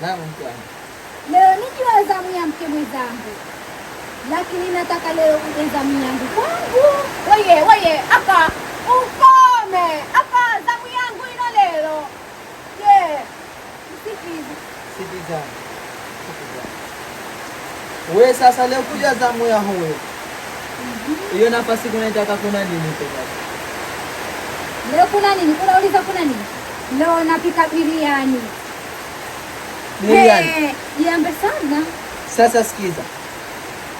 Naam mkwani. Leo nikiwa zamu ya mke mwenzangu, lakini nataka leo uje zamu yangu kwangu. Weye weye, aka ukome aka zamu yangu ino leo. Je, msikize sikiza. We sasa leo kuja zamu ya huwe mhm. hiyo nafasi kunaitaka kuna nini tena? Leo kuna nini? Kunauliza kuna nini? Leo napika biriani Hey, jiambe sana. Sasa sikiza.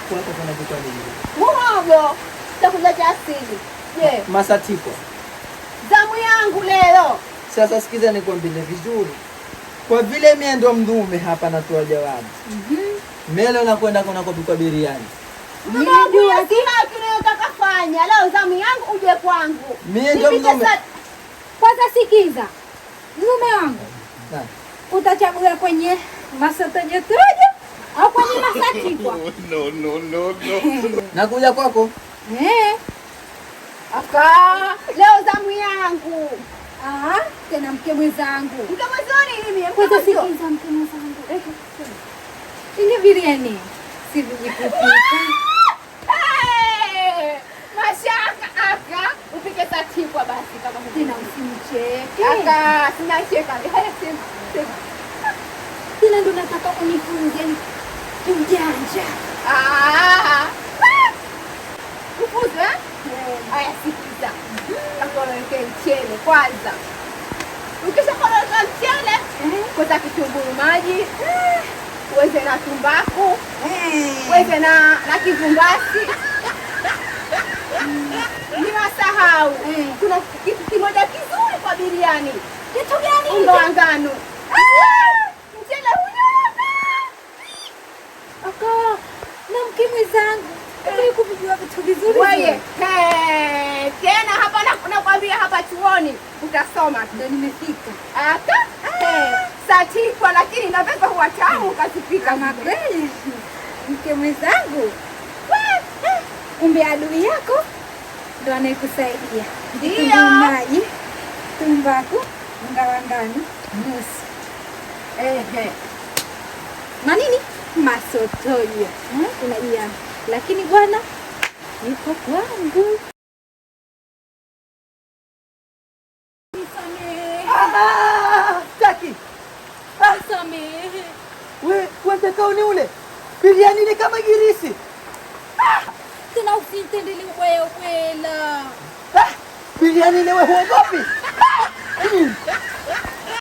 Kuweko kuna vitu vingi. Muhogo, chakula cha asili. Je, masatiko. Zamu yangu leo. Sasa sikiza nikwambie vizuri. Kwa vile mimi ndo mdume hapa na natoa jawabu. Mhm. Mm, melo nakwenda kuna kupikwa biriani. Mimi Fanya leo zamu yangu uje kwangu. Mimi ndo mdume. Kwanza sikiza. Mume wangu utachagua kwenye masata jeteje au kwenye masatikwa? no, no, no, no. nakuja kwako eh. Aka leo zamu yangu Aha, tena mke mwenzangu, mke mwenzangu eh, eh. ini biriani sivijikupika ah! mashaka upike saa chikwa basi, kama tena usimcheke. Aka sina cheka tena, ndo nataka unifunze ujanja kufuza. Ah! Eh? Eh. Aya, sikiza, takoroweka mchele kwanza. Ukishakoroweka mchele, eh? koza kitunguru maji weze na tumbaku weze na na kivumbasi niwasahau. Mm. Kuna kitu kimoja kizuri kwa biriani. Kitu gani? Unga wa ngano. Ah! Mchele hunyama. Aka na mkimwi zangu. Eh. kuvijua vitu vizuri. Wewe. Eh, tena hapa nakwambia hapa chuoni utasoma. Ndio nimefika. Aka. Ah. Saa lakini naveza huwa tamu ukazipika makweli. Mke mwenzangu. Kumbe adui yako ndo anayekusaidia. ndio maji, tumbaku, unga wa ngano nusu ehe na nini masotoyo eh, unajia, lakini bwana yuko kwangu ah, ah, ah. wezekao ni ule biriani ni kama girisi tena, usitendele ubaya ubaya kukimbia yaani nini? Wewe huogopi?